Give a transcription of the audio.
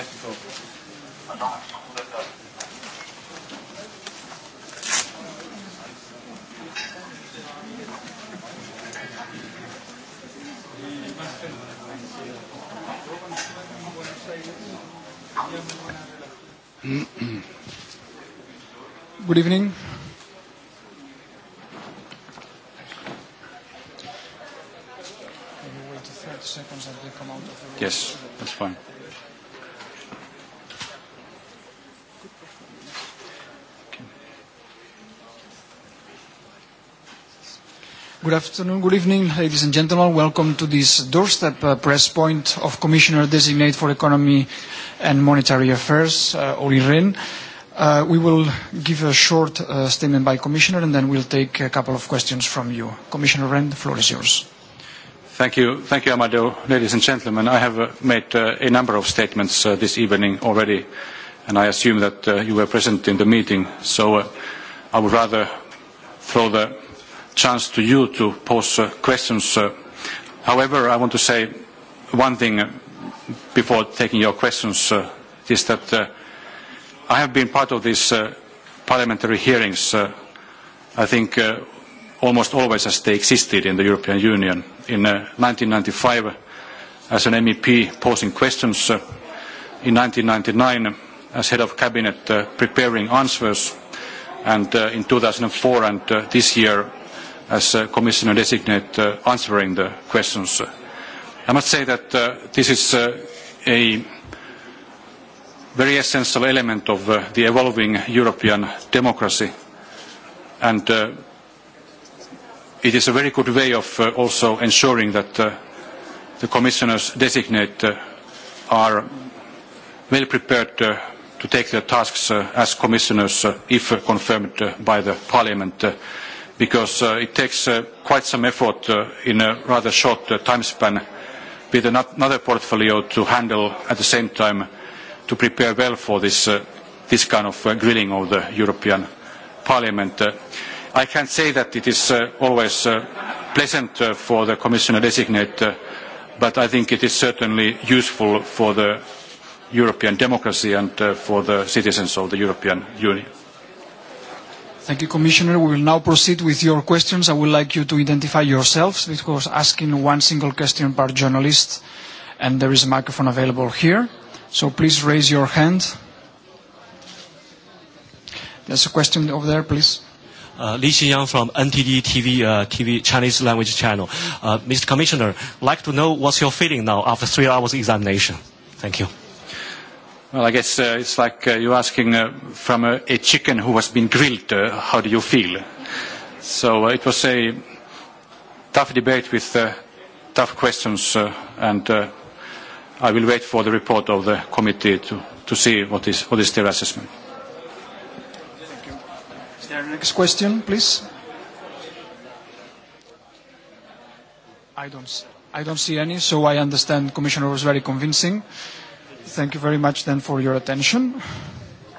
technical. Good evening. Yes, that's fine. Good afternoon, good evening, ladies and gentlemen. Welcome to this doorstep uh, press point of Commissioner Designate for Economy and Monetary Affairs, uh, Olli Rehn. Uh, we will give a short uh, statement by Commissioner and then we'll take a couple of questions from you. Commissioner Rehn, the floor is yours. Thank you, Thank you Amado. Ladies and gentlemen, I have uh, made uh, a number of statements uh, this evening already and I assume that uh, you were present in the meeting, so uh, I would rather throw the chance to you to pose uh, questions. Uh, however, I want to say one thing before taking your questions uh, is that uh, I have been part of these uh, parliamentary hearings, uh, I think, uh, almost always as they existed in the European Union. In uh, 1995, as an MEP posing questions, uh, in 1999, as head of cabinet, uh, preparing answers, and uh, in 2004 and uh, this year, as Commissioner-designate answering the questions. I must say that this is a very essential element of the evolving European democracy, and it is a very good way of also ensuring that the commissioners-designate are well prepared to take their tasks as commissioners if confirmed by the parliament because it takes quite some effort in a rather short time span with another portfolio to handle at the same time to prepare well for this kind of grilling of the European Parliament. I can say that it is always pleasant for the Commissioner-designate, but I think it is certainly useful for the European democracy and for the citizens of the European Union. Thank you, Commissioner. We will now proceed with your questions. I would like you to identify yourselves because asking one single question per journalist, and there is a microphone available here. So please raise your hand. There's a question over there, please. Li Xinyang from NTD TV, Chinese language channel. Mr. Commissioner, like to know what's your feeling now after three hours examination. Thank you. Well, I guess uh, it's like uh, you're asking uh, from a, a chicken who has been grilled, uh, how do you feel? So uh, it was a tough debate with uh, tough questions, uh, and uh, I will wait for the report of the committee to, to see what is, what is their assessment. Thank you. Is there a next question, please? I don't, I don't see any, so I understand Commissioner was very convincing. Thank you very much then for your attention.